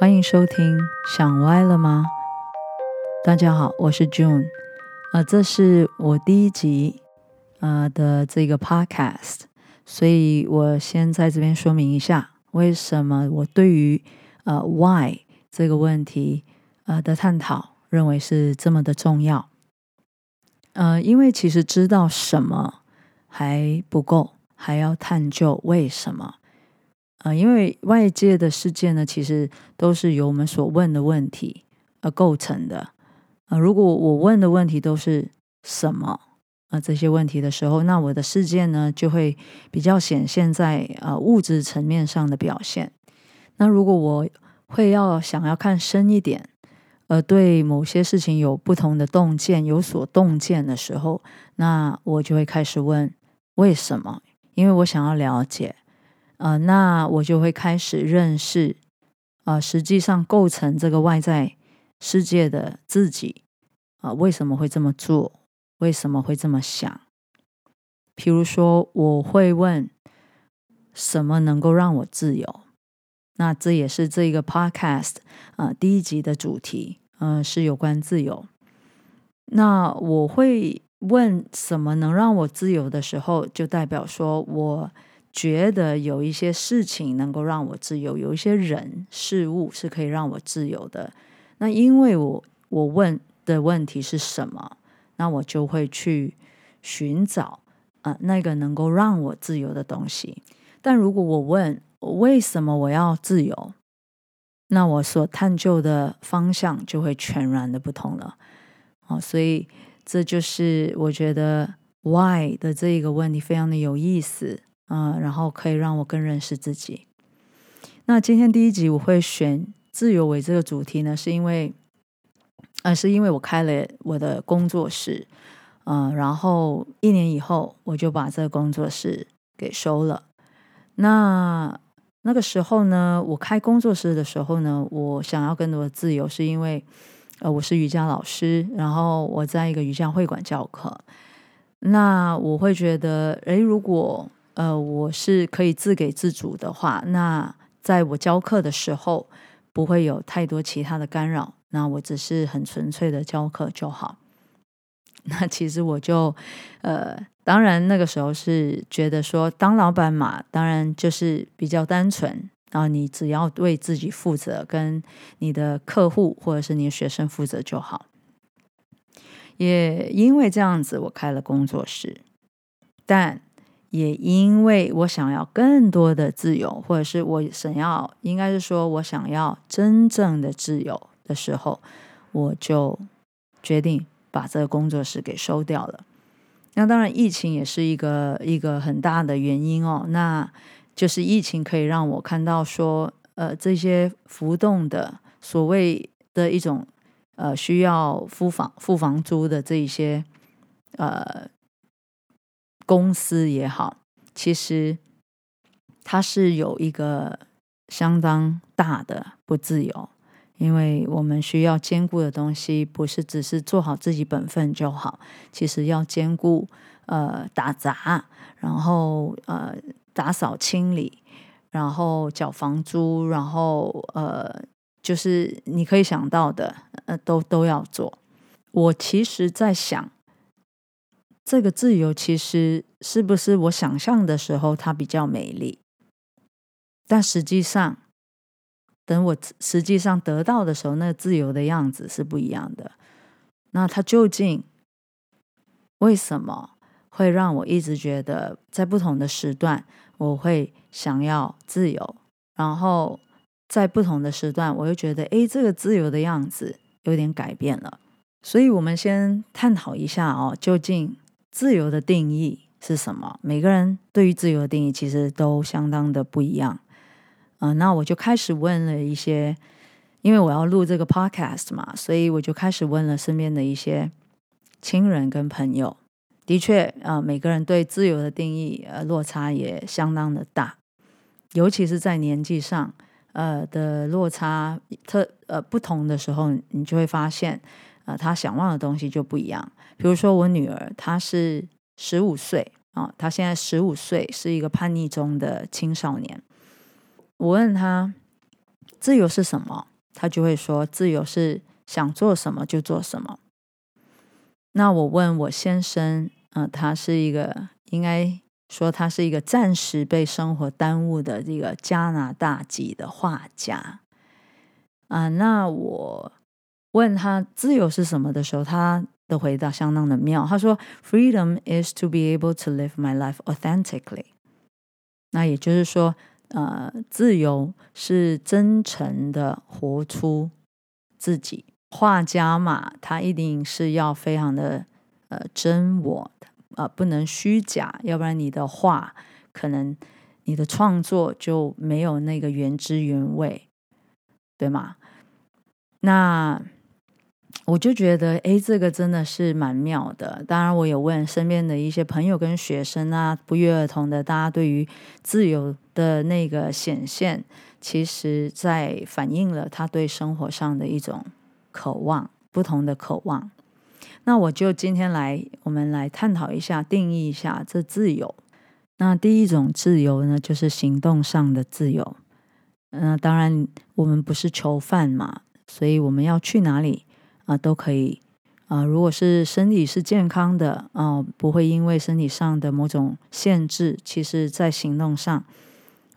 歡迎收聽，想歪了嗎？大家好，我是 June，啊、呃，這是我第一集啊、呃、的這個 Podcast，所以我先在這邊說明一下，為什麼我對於呃 Why 這個問題呃的探討，認為是這麼的重要。呃，因為其實知道什麼還不夠，還要探究為什麼。啊、呃，因為外界的世界呢，其實都是由我們所問的問題而構成的。啊、呃，如果我問的問題都是什麼啊、呃、這些問題的時候，那我的世界呢，就會比較顯現在呃物質層面上的表現。那如果我會要想要看深一點，呃，對某些事情有不同的洞見，有所洞見的時候，那我就會開始問為什麼，因為我想要了解。呃，那我就會開始認識，呃，實際上構成這個外在世界的自己，啊、呃，為什麼會這麼做？為什麼會這麼想？譬如說，我會問什麼能夠讓我自由？那這也是這個 podcast 啊、呃、第一集的主題，呃，是有關自由。那我會問什麼能讓我自由的時候，就代表說我。覺得有一些事情能夠讓我自由，有一些人事物是可以讓我自由的。那因為我我問的問題是什麼，那我就會去尋找啊、呃、那個能夠讓我自由的東西。但如果我問為什麼我要自由，那我所探究的方向就會全然的不同了。哦，所以這就是我覺得 “why” 的這一個問題非常的有意思。嗯、呃，然後可以讓我更認識自己。那今天第一集我會選自由為這個主題呢，是因為，呃，是因為我開了我的工作室，嗯、呃，然後一年以後我就把這個工作室給收了。那那個時候呢，我開工作室的時候呢，我想要更多的自由，是因為，呃，我是瑜伽老師，然後我在一個瑜伽會館教課，那我會覺得，誒，如果呃，我是可以自給自主的話，那在我教課的時候不會有太多其他的干擾，那我只是很純粹的教課就好。那其實我就，呃，當然那個時候是覺得說，當老闆嘛，當然就是比較單純啊，然後你只要為自己負責，跟你的客戶或者是你的學生負責就好。也因為這樣子，我開了工作室，但。也因為我想要更多的自由，或者是我想要，應該是說我想要真正的自由的時候，我就決定把這個工作室給收掉了。那當然，疫情也是一個一個很大的原因哦。那就是疫情可以讓我看到說，呃，這些浮動的所謂的一種，呃，需要付房付房租的這一些呃。公司也好，其實它是有一個相當大的不自由，因為我們需要兼顧的東西不是只是做好自己本分就好，其實要兼顧呃打雜，然後呃打掃清理，然後繳房租，然後呃就是你可以想到的呃都都要做。我其實在想。這個自由其實是不是我想象的時候它比較美麗？但實際上，等我實際上得到的時候，那自由的樣子是不一樣的。那它究竟為什麼會讓我一直覺得，在不同的時段我會想要自由，然後在不同的時段，我又覺得，哎，這個自由的樣子有點改變了。所以，我們先探討一下哦，究竟。自由的定義是什麼？每個人對於自由的定義其實都相當的不一樣。呃，那我就開始問了一些，因為我要錄這個 podcast 嘛，所以我就開始問了身邊的一些親人跟朋友。的確，呃，每個人對自由的定義，呃，落差也相當的大，尤其是在年紀上，呃的落差特呃不同的時候，你就會發現，呃，他想望的東西就不一樣。比如說，我女兒她是十五歲啊，她現在十五歲，是一個叛逆中的青少年。我問她自由是什麼，她就會說自由是想做什麼就做什麼。那我問我先生，嗯、呃，他是一個應該說他是一個暫時被生活耽誤的這個加拿大籍的畫家啊、呃。那我問他自由是什麼的時候，他。的回答相當的妙。他說：“Freedom is to be able to live my life authentically。”那也就是說，呃，自由是真誠的活出自己。畫家嘛，他一定是要非常的呃真我的啊，呃，不能虛假，要不然你的畫可能你的創作就沒有那個原汁原味，對嗎？那。我就覺得，哎，這個真的是蠻妙的。當然，我有問身邊的一些朋友跟學生啊，不約而同的，大家對於自由的那個顯現，其實在反映了他對生活上的一種渴望，不同的渴望。那我就今天來，我們來探討一下，定義一下這自由。那第一種自由呢，就是行動上的自由。嗯、呃，當然，我們不是囚犯嘛，所以我們要去哪裡？啊，都可以啊。如果是身體是健康的，啊，不會因為身體上的某種限制，其實，在行動上，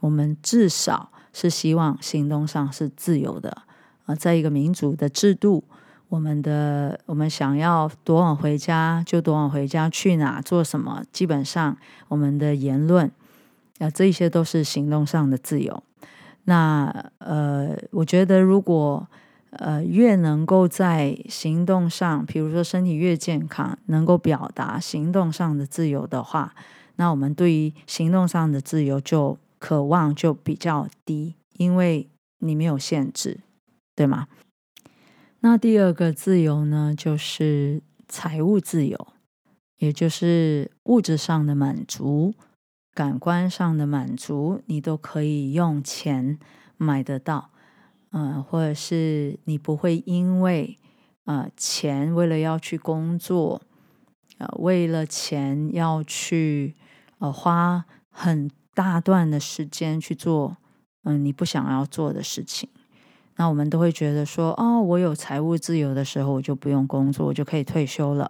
我們至少是希望行動上是自由的啊。在一個民主的制度，我們的我們想要多晚回家就多晚回家，去哪做什麼，基本上我們的言論啊，這些都是行動上的自由。那呃，我覺得如果。呃，越能夠在行動上，比如說身體越健康，能夠表達行動上的自由的話，那我們對於行動上的自由就渴望就比較低，因為你沒有限制，對嗎？那第二個自由呢，就是財務自由，也就是物質上的滿足，感官上的滿足，你都可以用錢買得到。嗯、呃，或者是你不會因為，呃，錢為了要去工作，呃，為了錢要去，呃，花很大段的時間去做，嗯、呃，你不想要做的事情，那我們都會覺得說，哦，我有財務自由的時候，我就不用工作，我就可以退休了，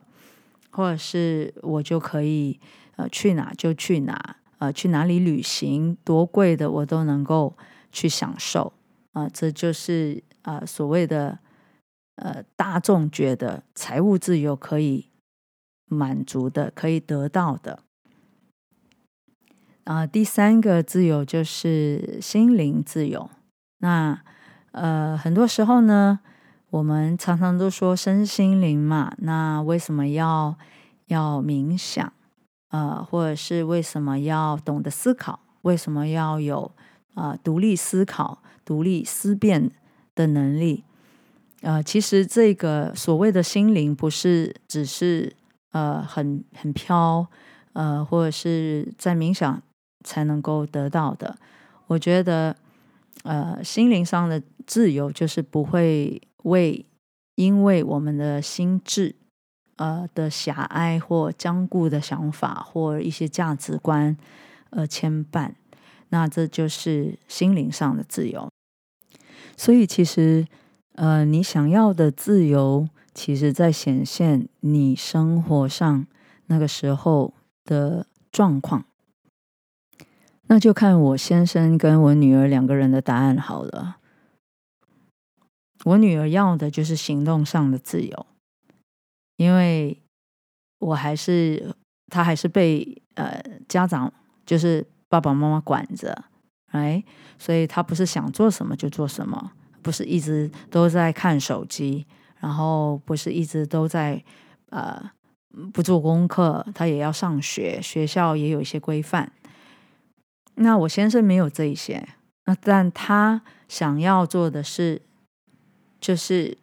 或者是我就可以，呃，去哪，就去哪，呃，去哪裡旅行，多貴的我都能夠去享受。啊、呃，這就是啊、呃，所謂的呃，大眾覺得財務自由可以滿足的，可以得到的。啊、呃，第三個自由就是心靈自由。那呃，很多時候呢，我們常常都說身心靈嘛。那為什麼要要冥想？呃，或者是為什麼要懂得思考？為什麼要有啊、呃，獨立思考？獨立思辨的能力，呃，其實這個所謂的心靈，不是只是呃很很飄，呃，或者是在冥想才能夠得到的。我覺得，呃，心靈上的自由，就是不會為因為我們的心智呃的狹隘或僵固的想法或一些價值觀而牽絆。那這就是心靈上的自由。所以，其實，呃，你想要的自由，其實在顯現你生活上那個時候的狀況。那就看我先生跟我女兒兩個人的答案好了。我女兒要的就是行動上的自由，因為我還是，她還是被，呃，家長，就是爸爸媽媽管着。哎、right? 所以他不是想做什麼就做什麼，不是一直都在看手機，然後不是一直都在呃不做功課，他也要上學，學校也有一些規範。那我先生沒有這一些，那但他想要做的是，就是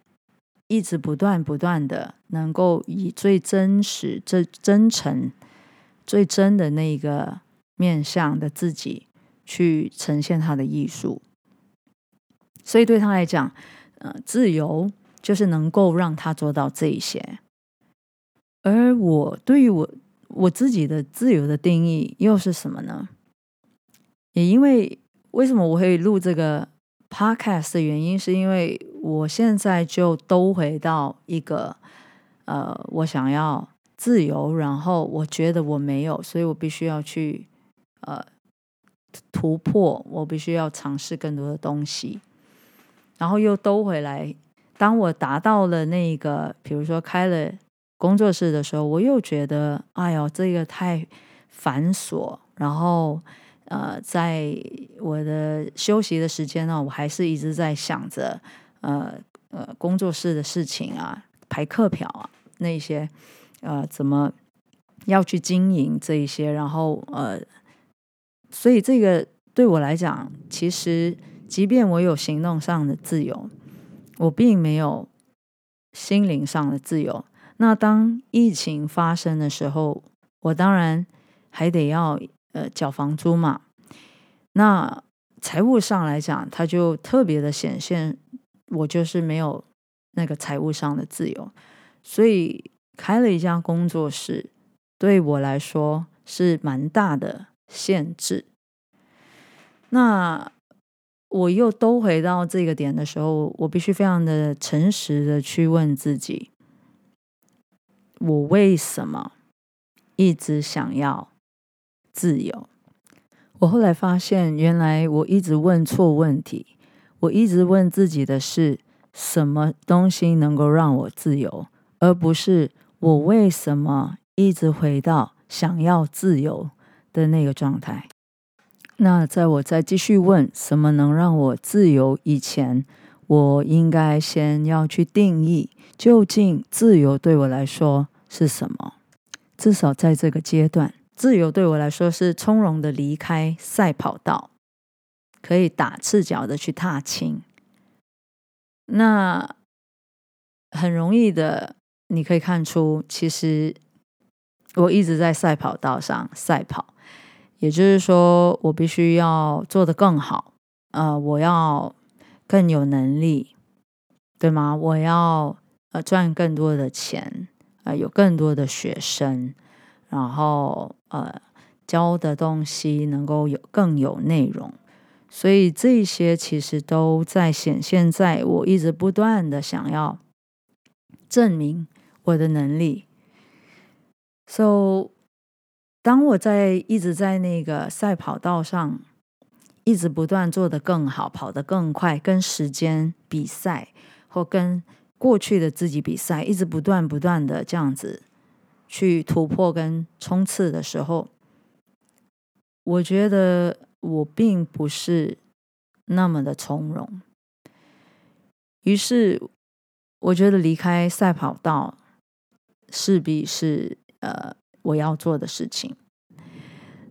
一直不斷不斷的能夠以最真實、最真誠、最真的那個面向的自己。去呈現他的藝術，所以對他來講，呃，自由就是能夠讓他做到這一些。而我對於我我自己的自由的定義又是什麼呢？也因為為什麼我會錄這個 Podcast 的原因，是因為我現在就都回到一個呃，我想要自由，然後我覺得我沒有，所以我必須要去呃。突破，我必須要嘗試更多的東西，然後又兜回來。當我達到了那個，比如說開了工作室的時候，我又覺得，哎呦，這個太繁瑣。然後，呃，在我的休息的時間呢，我還是一直在想着，呃呃，工作室的事情啊，排課表啊，那些，呃，怎麼要去經營這一些，然後呃。所以，這個對我來講，其實即便我有行動上的自由，我並沒有心靈上的自由。那當疫情發生的時候，我當然還得要呃繳房租嘛。那財務上來講，它就特別的顯現，我就是沒有那個財務上的自由。所以，開了一家工作室，對我來說是蠻大的。限制，那我又都回到這個點的時候，我必須非常的誠實的去問自己：我為什麼一直想要自由？我後來發現，原來我一直問錯問題。我一直問自己的是什麼東西能夠讓我自由，而不是我為什麼一直回到想要自由的那個狀態，那在我再繼續問什麼能讓我自由以前，我應該先要去定義，究竟自由對我來說是什麼？至少在這個階段，自由對我來說是從容的離開賽跑道，可以打赤腳的去踏青。那很容易的，你可以看出，其實我一直在賽跑道上賽跑。也就是說，我必須要做得更好，呃，我要更有能力，對嗎？我要，呃，賺更多的錢，呃，有更多的學生，然後，呃，教的東西能夠有更有內容，所以這些其實都在顯現在我一直不斷地想要證明我的能力。So. 當我在一直在那個賽跑道上，一直不斷做得更好，跑得更快，跟時間比賽，或跟過去的自己比賽，一直不斷不斷的這樣子去突破跟衝刺的時候，我覺得我並不是那麼的從容。於是，我覺得離開賽跑道，勢必是，呃。我要做的事情，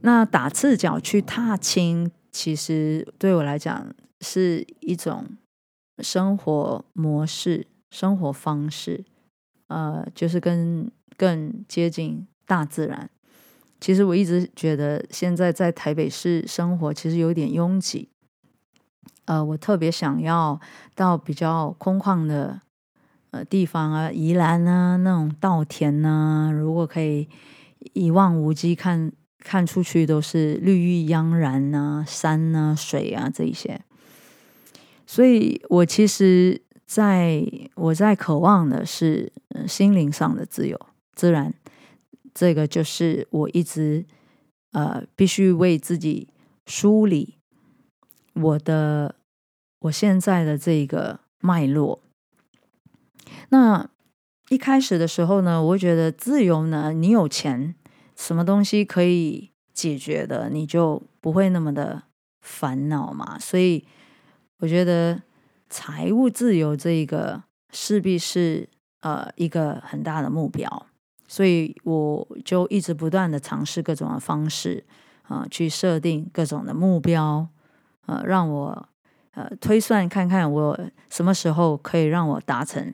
那打赤腳去踏青，其實對我來講是一種生活模式、生活方式，呃，就是跟更接近大自然。其實我一直覺得，現在在台北市生活其實有點擁擠，呃，我特別想要到比較空曠的呃地方啊，宜蘭啊那種稻田啊，如果可以。一望無際看，看看出去都是綠意盎然吶、啊，山吶、啊、水啊這一些。所以我其實在我在渴望的是、呃、心靈上的自由、自然。這個就是我一直呃必須為自己梳理我的我現在的這個脈絡。那。一開始的時候呢，我覺得自由呢，你有錢，什麼東西可以解決的，你就不會那麼的煩惱嘛。所以，我覺得財務自由這一個勢必是呃一個很大的目標，所以我就一直不斷的嘗試各種的方式啊、呃，去設定各種的目標呃，讓我呃推算看看我什麼時候可以讓我達成。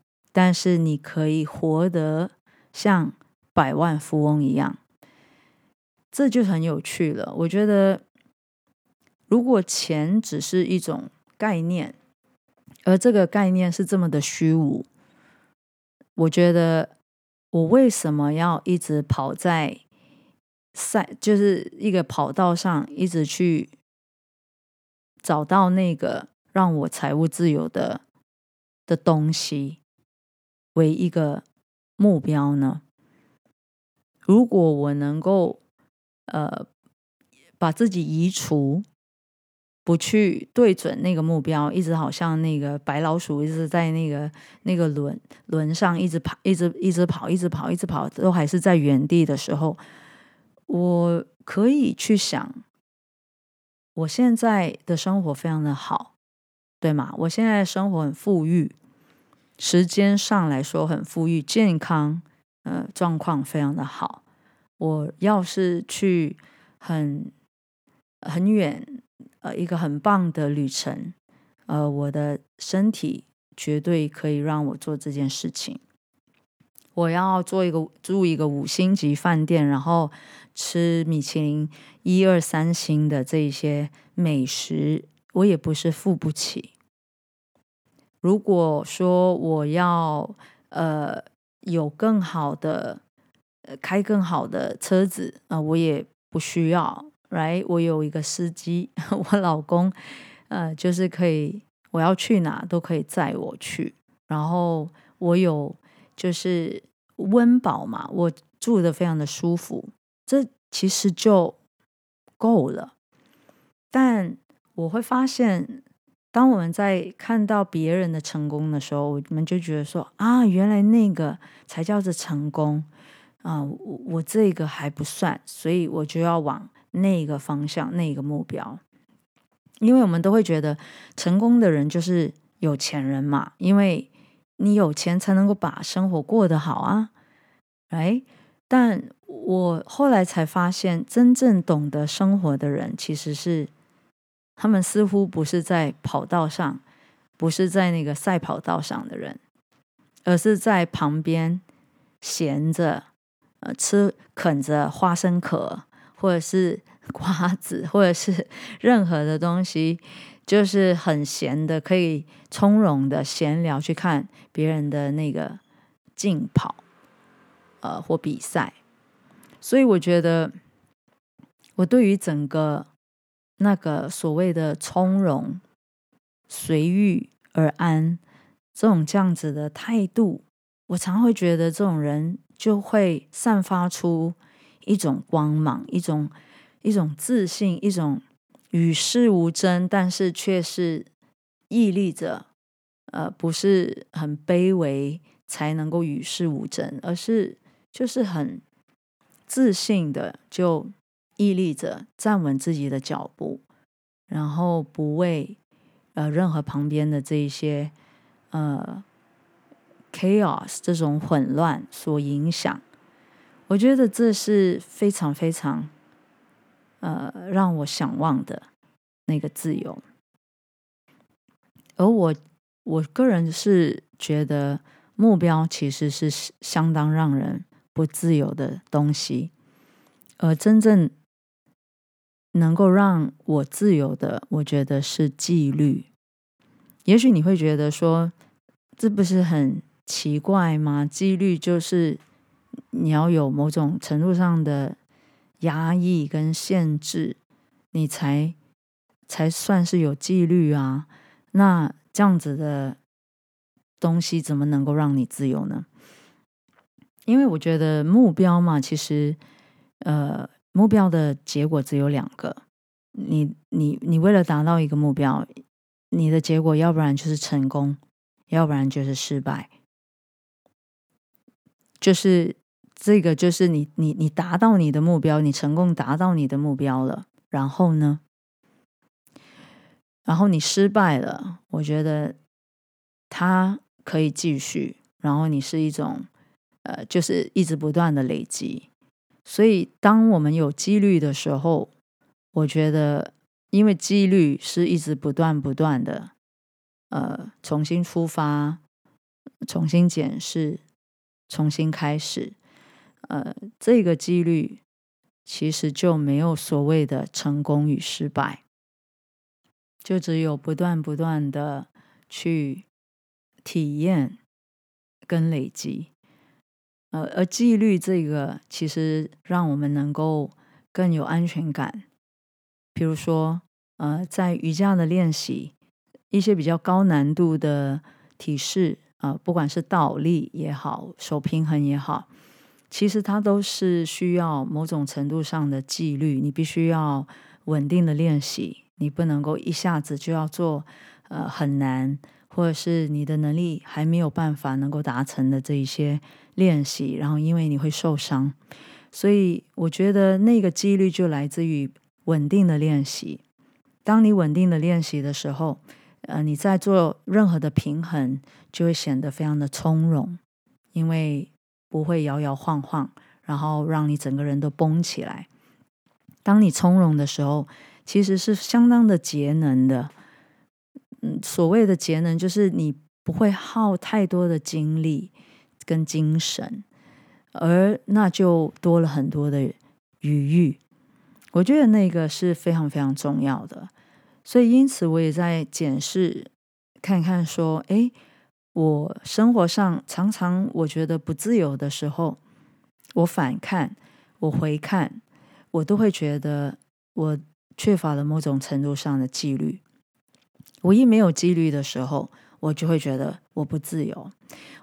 但是你可以活得像百萬富翁一樣，這就很有趣了。我覺得，如果錢只是一種概念，而這個概念是這麼的虛無，我覺得我為什麼要一直跑在賽，就是一個跑道上，一直去找到那個讓我財務自由的的東西。為一個目標呢？如果我能夠呃把自己移除，不去對準那個目標，一直好像那個白老鼠一直在那個那個輪輪上一直跑，一直一直跑，一直跑，一直跑，都還是在原地的時候，我可以去想，我現在的生活非常的好，對嗎？我現在的生活很富裕，時間上來說很富裕，健康，呃，狀況非常的好。我要是去很很遠，呃，一個很棒的旅程，呃，我的身體絕對可以讓我做這件事情。我要做一個，住一個五星級飯店，然後吃米其林一二三星的這一些美食，我也不是付不起。如果說我要呃有更好的開更好的車子啊，呃，我也不需要，來，我有一個司機，我老公呃，就是可以我要去哪都可以載我去，然後我有就是溫飽嘛，我住的非常的舒服，這其實就夠了，但我會發現。當我們在看到別人的成功的時候，我們就覺得說：“啊，原來那個才叫做成功啊！我、呃、我這個還不算，所以我就要往那個方向、那個目標。”因為我們都會覺得成功的人就是有錢人嘛，因為你有錢才能夠把生活過得好啊。哎，但我後來才發現，真正懂得生活的人其實是。他們似乎不是在跑道上，不是在那個賽跑道上的人，而是在旁邊閒着，呃，吃啃着花生殼，或者是瓜子，或者是任何的東西，就是很閒的，可以從容的閒聊，去看別人的那個競跑，呃，或比賽。所以我覺得，我對於整個。那個所謂的從容、隨遇而安，這種這樣子的態度，我常會覺得，這種人就會散發出一種光芒，一種一種自信，一種與世無爭，但是卻是屹立着，呃，不是很卑微，才能夠與世無爭，而是就是很自信的就。屹立着，站穩自己的腳步，然後不為呃任何旁邊的這一些呃 chaos 這種混亂所影響。我覺得這是非常非常呃讓我想望的那個自由。而我我個人是覺得目標其實是相當讓人不自由的東西，而真正。能夠讓我自由的，我覺得是紀律。也許你會覺得說，這不是很奇怪嗎？紀律就是你要有某種程度上的壓抑跟限制，你才才算是有紀律啊。那這樣子的東西怎麼能夠讓你自由呢？因為我覺得目標嘛，其實呃。目標的結果只有兩個，你你你為了達到一個目標，你的結果要不然就是成功，要不然就是失敗。就是這個，就是你你你達到你的目標，你成功達到你的目標了，然後呢？然後你失敗了，我覺得他可以繼續，然後你是一種呃，就是一直不斷的累積。所以，當我們有紀律的時候，我覺得，因為紀律是一直不斷不斷的，呃，重新出發、重新檢視、重新開始，呃，這個紀律其實就沒有所謂的成功與失敗，就只有不斷不斷的去體驗跟累積。呃，而紀律這個其實讓我們能夠更有安全感。比如說，呃，在瑜伽的練習，一些比較高難度的體式啊，呃，不管是倒立也好，手平衡也好，其實它都是需要某種程度上的紀律。你必須要穩定的練習，你不能夠一下子就要做，呃，很難。或者是你的能力還沒有辦法能夠達成的這一些練習，然後因為你會受傷，所以我覺得那個紀律就來自於穩定的練習。當你穩定的練習的時候，呃，你在做任何的平衡就會顯得非常的從容，因為不會搖搖晃晃，然後讓你整個人都繃起來。當你從容的時候，其實是相當的節能的。嗯，所謂的節能就是你不會耗太多的精力跟精神，而那就多了很多的餘裕。我覺得那個是非常非常重要的，所以因此我也在檢視看看說，誒，我生活上常常我覺得不自由的時候，我反看，我回看，我都會覺得我缺乏了某種程度上的紀律。我一沒有紀律的時候，我就會覺得我不自由。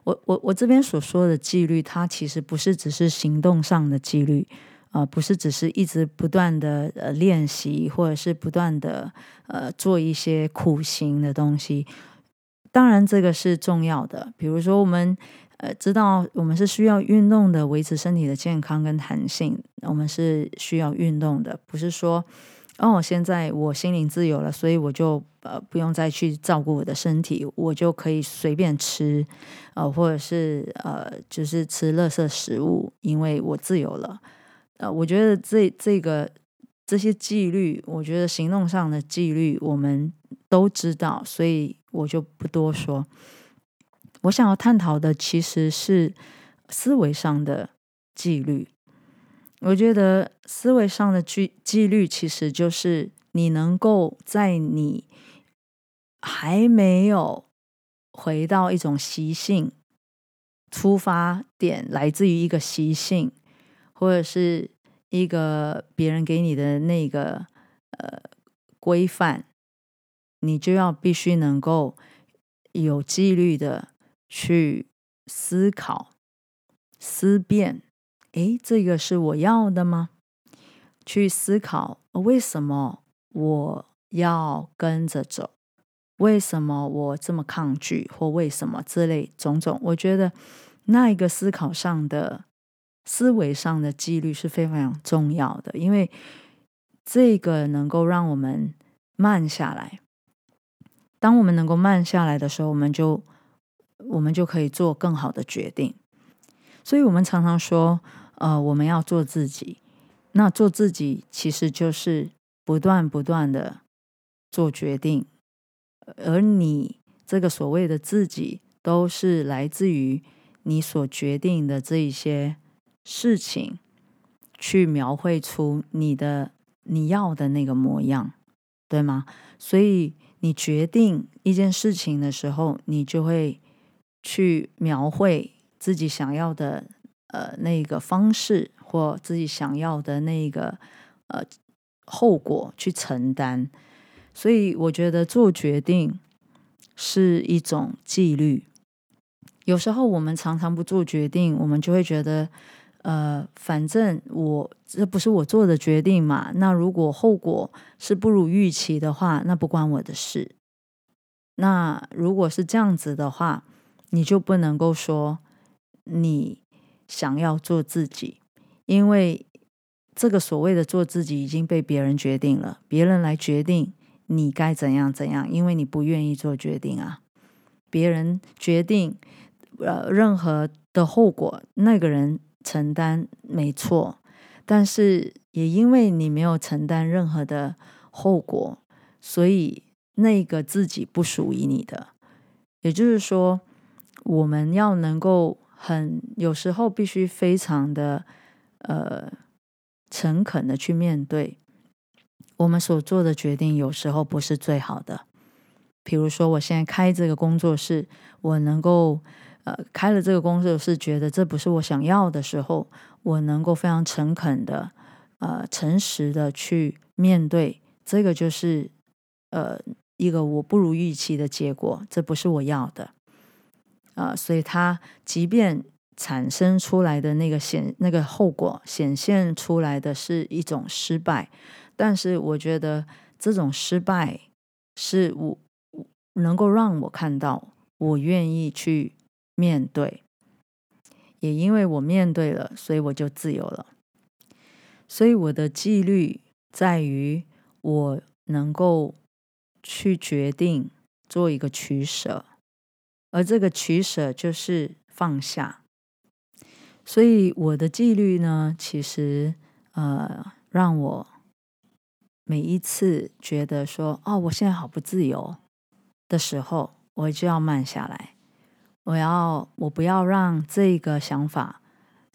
我我我這邊所說的紀律，它其實不是只是行動上的紀律啊，不是只是一直不斷的呃練習，或者是不斷的呃做一些苦行的東西。當然，這個是重要的。比如說，我們呃知道我們是需要運動的，維持身體的健康跟彈性。我們是需要運動的，不是說。哦，現在我心靈自由了，所以我就呃不用再去照顧我的身體，我就可以隨便吃，呃，或者是呃就是吃垃圾食物，因為我自由了。呃，我覺得這這個這些紀律，我覺得行動上的紀律我們都知道，所以我就不多說。我想要探討的其實是思維上的紀律。我覺得思維上的紀紀律，其實就是你能夠在你還沒有回到一種習性，出發點，來自於一個習性，或者是一個別人給你的那個呃規範，你就要必須能夠有紀律的去思考、思辨。誒，這個是我要的嗎？去思考為什麼我要跟着走，為什麼我這麼抗拒，或為什麼之類種種？我覺得那一個思考上的思維上的紀律是非常重要的，因為這個能夠讓我們慢下來。當我們能夠慢下來的時候，我們就我們就可以做更好的決定。所以我們常常說，呃，我們要做自己。那做自己其實就是不斷不斷的做決定，而你這個所謂的自己，都是來自於你所決定的這一些事情，去描繪出你的你要的那個模樣，對嗎？所以你決定一件事情的時候，你就會去描繪。自己想要的呃那個方式，或自己想要的那個呃後果去承擔，所以我覺得做決定是一種紀律。有時候我們常常不做決定，我們就會覺得呃，反正我這不是我做的決定嘛，那如果後果是不如預期的話，那不關我的事。那如果是這樣子的話，你就不能夠說，你想要做自己，因為這個所謂的做自己已經被別人決定了，別人來決定你該怎樣怎樣，因為你不願意做決定啊。別人決定呃，任何的後果，那個人承擔沒錯，但是也因為你沒有承擔任何的後果，所以那個自己不屬於你的。也就是說，我們要能夠。很有時候必須非常的呃誠懇的去面對，我們所做的決定有時候不是最好的。比如說，我現在開這個工作室，我能夠呃開了這個工作室，覺得這不是我想要的時候，我能夠非常誠懇的呃誠實的去面對，這個就是呃一個我不如預期的結果，這不是我要的。啊、呃，所以它即便產生出來的那個顯，那個後果顯現出來的是一種失敗，但是我覺得這種失敗是我能夠讓我看到，我願意去面對，也因為我面對了，所以我就自由了。所以我的紀律在於我能夠去決定做一個取捨。而這個取舍就是放下，所以我的紀律呢，其實呃，讓我每一次覺得說，哦，我現在好不自由的時候，我就要慢下來，我要我不要讓這個想法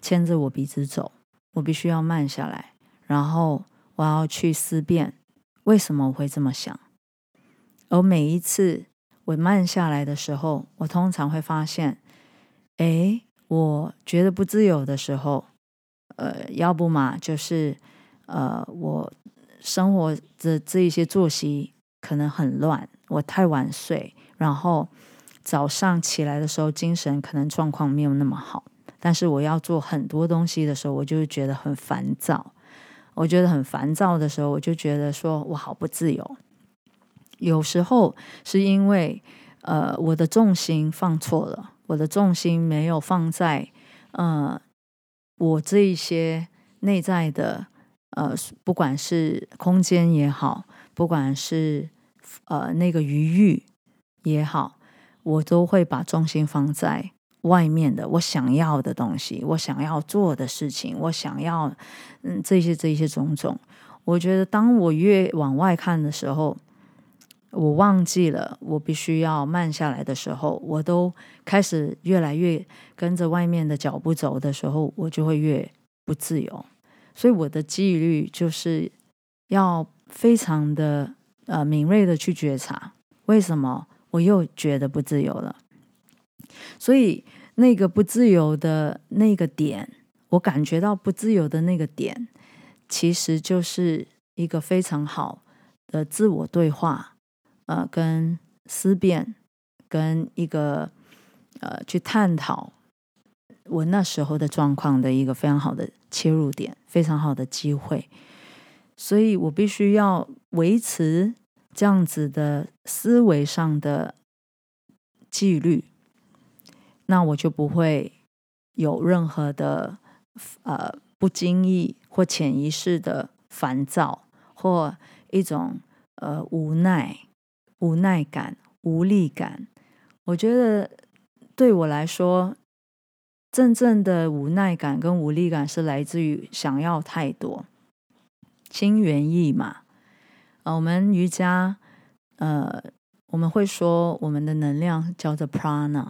牽着我鼻子走，我必須要慢下來，然後我要去思辨，為什麼我會這麼想，而每一次。我慢下來的時候，我通常會發現，誒，我覺得不自由的時候，呃，要不嘛，就是，呃，我生活的這一些作息可能很亂，我太晚睡，然後早上起來的時候精神可能狀況沒有那麼好。但是我要做很多東西的時候，我就會覺得很煩躁。我覺得很煩躁的時候，我就覺得說我好不自由。有時候是因為，呃，我的重心放錯了，我的重心沒有放在，呃，我這一些內在的，呃，不管是空間也好，不管是呃那個餘裕也好，我都會把重心放在外面的我想要的東西，我想要做的事情，我想要，嗯，這些這些種種，我覺得當我越往外看的時候。我忘記了，我必須要慢下來的時候，我都開始越來越跟着外面的腳步走的時候，我就會越不自由。所以我的紀律就是要非常的呃敏銳的去覺察，為什麼我又覺得不自由了？所以那個不自由的那個點，我感覺到不自由的那個點，其實就是一個非常好的自我對話。跟思辨，跟一個呃，去探討我那時候的狀況的一個非常好的切入點，非常好的機會。所以我必須要維持這樣子的思維上的紀律，那我就不會有任何的呃不經意或潛意識的煩躁或一種呃無奈。無奈感、無力感，我覺得對我來說，真正的無奈感跟無力感是來自於想要太多，心猿意馬、呃。我們瑜伽、呃，我們會說我們的能量叫做 prana。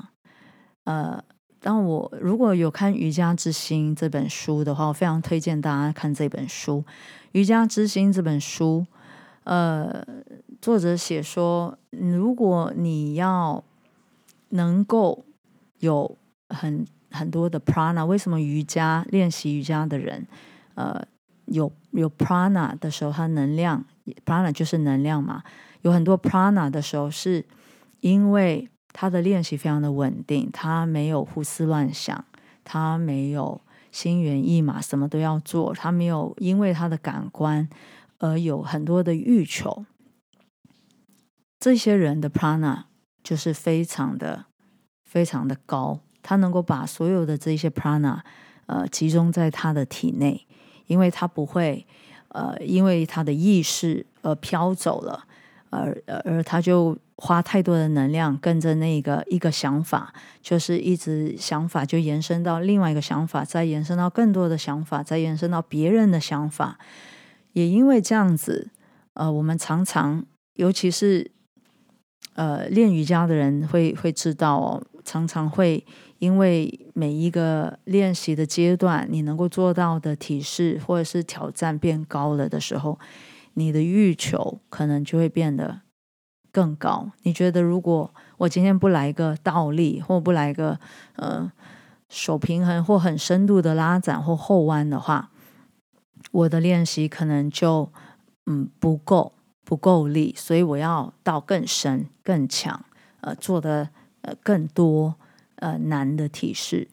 呃，當我如果有看《瑜伽之心》這本書的話，我非常推薦大家看這本書，《瑜伽之心》這本書，呃。作者寫說：“如果你要能夠有很很多的 prana，為什麼瑜伽練習瑜伽的人，呃，有有 prana 的時候，他能量 prana 就是能量嘛？有很多 prana 的時候，是因為他的練習非常的穩定，他沒有胡思亂想，他沒有心猿意馬，什麼都要做，他沒有因為他的感官而有很多的欲求。”這些人的 prana 就是非常的非常的高，他能夠把所有的這些 prana 呃，集中在他的體內，因為他不會呃因為他的意識而飄走了，而而他就花太多的能量跟着那個一個想法，就是一直想法就延伸到另外一個想法，再延伸到更多的想法，再延伸到別人的想法。也因為這樣子，呃，我們常常尤其是呃，練瑜伽的人會會知道哦，常常會因為每一個練習的階段，你能夠做到的體式或者是挑戰變高了的時候，你的欲求可能就會變得更高。你覺得，如果我今天不來一個倒立，或不來一個呃手平衡，或很深度的拉展或後彎的話，我的練習可能就嗯不夠。不夠力，所以我要到更深、更強，呃，做的呃更多，呃難的體式，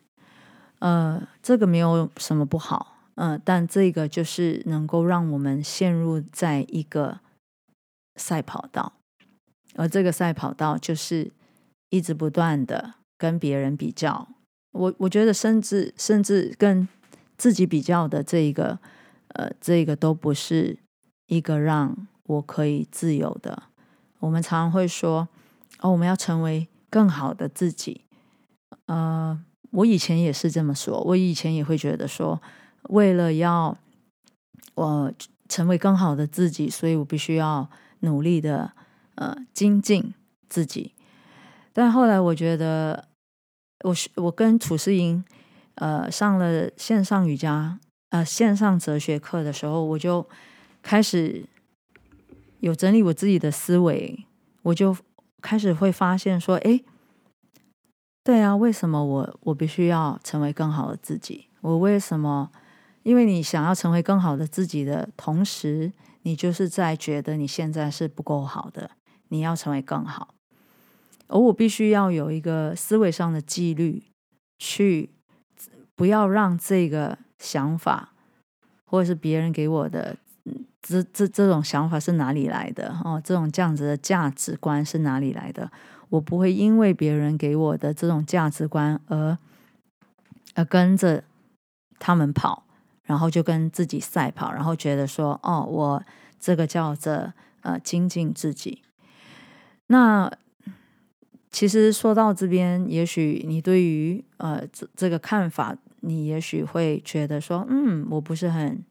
呃，這個沒有什麼不好，嗯、呃，但這個就是能夠讓我們陷入在一個賽跑道，而這個賽跑道就是一直不斷的跟別人比較，我我覺得甚至甚至跟自己比較的這一個，呃，這個都不是一個讓。我可以自由的。我們常會說：“哦，我們要成為更好的自己。”呃，我以前也是這麼說，我以前也會覺得說，為了要我、呃、成為更好的自己，所以我必須要努力的呃精進自己。但後來我覺得，我是我跟楚世英呃上了線上瑜伽啊、呃、線上哲學課的時候，我就開始。有整理我自己的思維，我就開始會發現說：“誒，對啊，為什麼我我必須要成為更好的自己？我為什麼？因為你想要成為更好的自己的同時，你就是在覺得你現在是不夠好的，你要成為更好。而我必須要有一個思維上的紀律，去不要讓這個想法，或者是別人給我的。”這這這種想法是哪裡來的哦？這種這樣子的價值觀是哪裡來的？我不會因為別人給我的這種價值觀而而跟着他們跑，然後就跟自己賽跑，然後覺得說哦，我這個叫做呃精進自己。那其實說到這邊，也許你對於呃這這個看法，你也許會覺得說，嗯，我不是很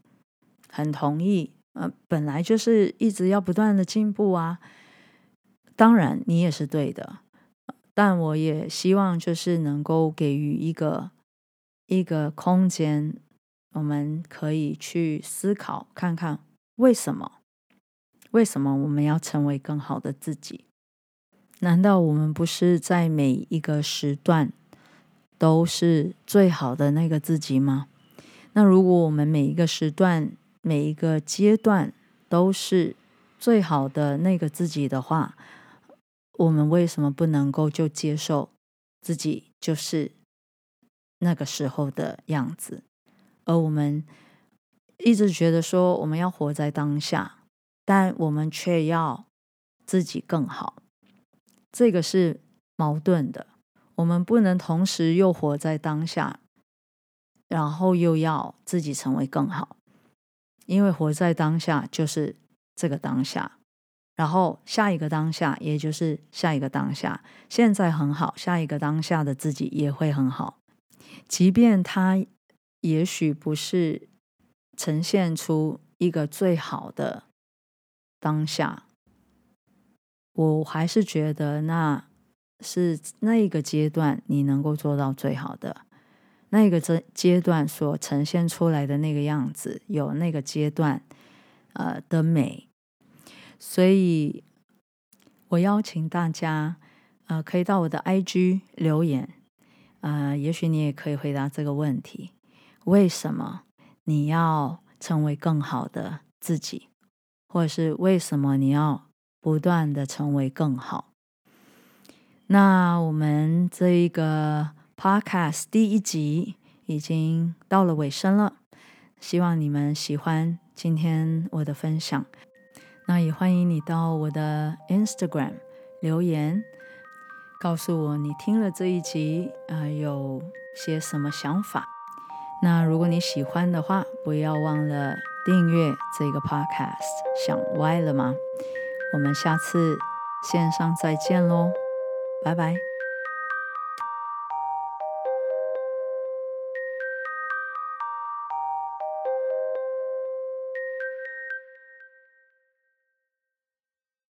很同意。呃，本來就是一直要不斷的進步啊。當然，你也是對的，但我也希望就是能夠給予一個一個空間，我們可以去思考看看為什麼，為什麼我們要成為更好的自己？難道我們不是在每一個時段都是最好的那個自己嗎？那如果我們每一個時段，每一個階段都是最好的那個自己的話，我們為什麼不能夠就接受自己，就是那個時候的樣子？而我們一直覺得說，我們要活在當下，但我們卻要自己更好，這個是矛盾的。我們不能同時又活在當下，然後又要自己成為更好。因為活在當下，就是這個當下，然後下一個當下也就是下一個當下。現在很好，下一個當下的自己也會很好，即便他也許不是呈現出一個最好的當下，我還是覺得那是那個階段你能夠做到最好的。那個這階段所呈現出來的那個樣子，有那個階段，呃的美。所以，我邀請大家，呃，可以到我的 IG 留言，呃，也許你也可以回答這個問題：為什麼你要成為更好的自己，或者是為什麼你要不斷的成為更好？那我們這一個。Podcast 第一集已經到了尾聲了，希望你們喜歡今天我的分享。那也歡迎你到我的 Instagram 留言，告訴我你聽了這一集啊、呃、有些什麼想法。那如果你喜歡的話，不要忘了訂閱這個 Podcast。想歪了嗎？我們下次線上再見嘍，拜拜。